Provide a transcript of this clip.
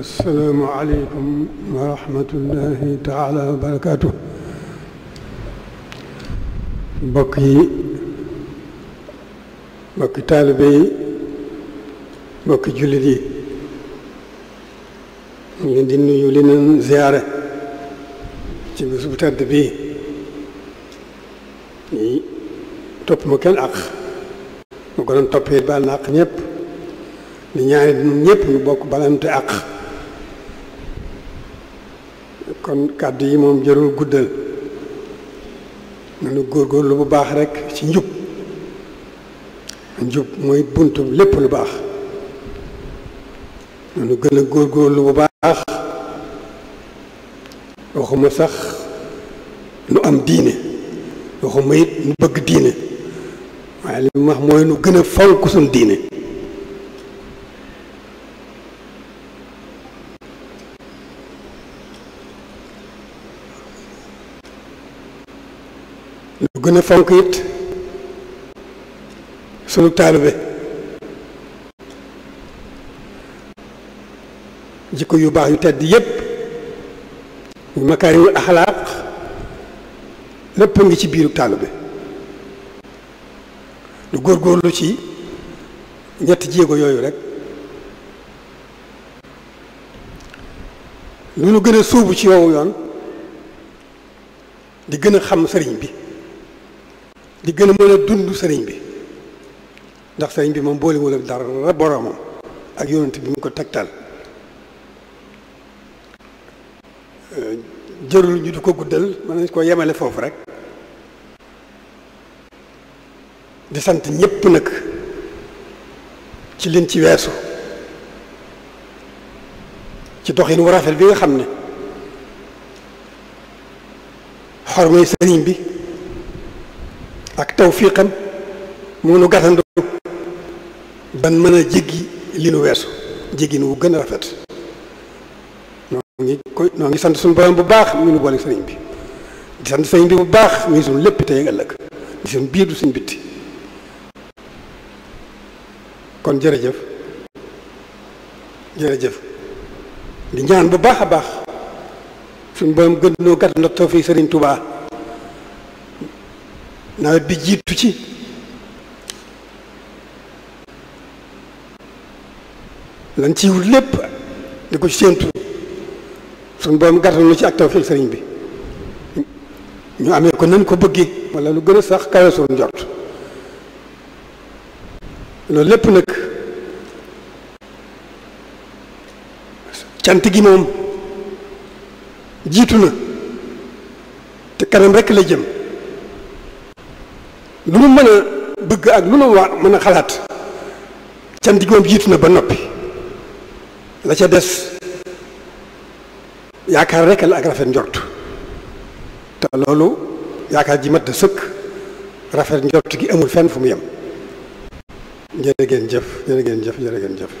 asalaamualeykum wa rahmatullahi taala wa barakaatu mbokk yi mbokki taalibe yi jullit yi ñu ngi di nuyu li leen ziyaare ci bés bu tedd bii ñi topp ma kenn àq mu ko doon toppee baal àq ñëpp di ñaari ñun ñëpp bokk balante àq kon kàddu yi moom jërul guddal góor góorlu bu baax rekk ci njub njub mooy buntu lépp lu baax nanu gën a góorlu bu baax waxuma sax nu am diine waxuma it nu bëgg diine waaye li mu wax mooy nu gën a fonk suñ diine lu gën a fonk it sunu taalibe jikko yu baax yu tedd yépp ñu makaarimul axlaaq lépp ngi ci biiru taalibe lu góorlu ci ñett jéego yooyu rekk lu nu gën a suubu ci yow yoon di gën a xam sëriñ bi di gën a mën a dund sëriñ bi ndax sëriñ bi moom boolewul ak dara boroomam ak yonent bi mu ko tegtal euh, jërul ñu du ko guddal mën nañ ko yemale foofu rek di sant ñépp nag ci liñ ci weesu ci doxin wu rafet bi nga xam ne xormay sëriñ bi ak tawfiqam mu nu gàttandu ban mën a jéggi li nu weesu jéggin wu gën a rafet noo ngi koy noo ngi sant suñ borom bu baax mi nu boole sëriñ bi di sant sëriñ bi bu baax mi suñu lépp tey ëllëg di suñu biir du suñ bitti kon jërëjëf jërëjëf di ñaan bu baax a baax suñu borom gën noo gàttandu tawfiq sëriñ Tuubaa nawet bi jiitu ci lan ci lépp di ko séentu sun boom gàttal ñu ci ak tawfeex sëriñ bi ñu amee ko nan ko bëggee wala lu gën a sax kawe suñu jot loolu lépp nag cant gi moom jiitu na te kanam rekk la jëm lu nu mën a bëgg ak lu nu war mën a xalaat cant gi jiitu na ba noppi la ca des yaakaar rek la ak rafet njort te loolu yaakaar ji mat da sëkk rafet njort gi amul fenn fu mu yem jërë ngeen jëf jërë ngeen jëf jërë ngeen jëf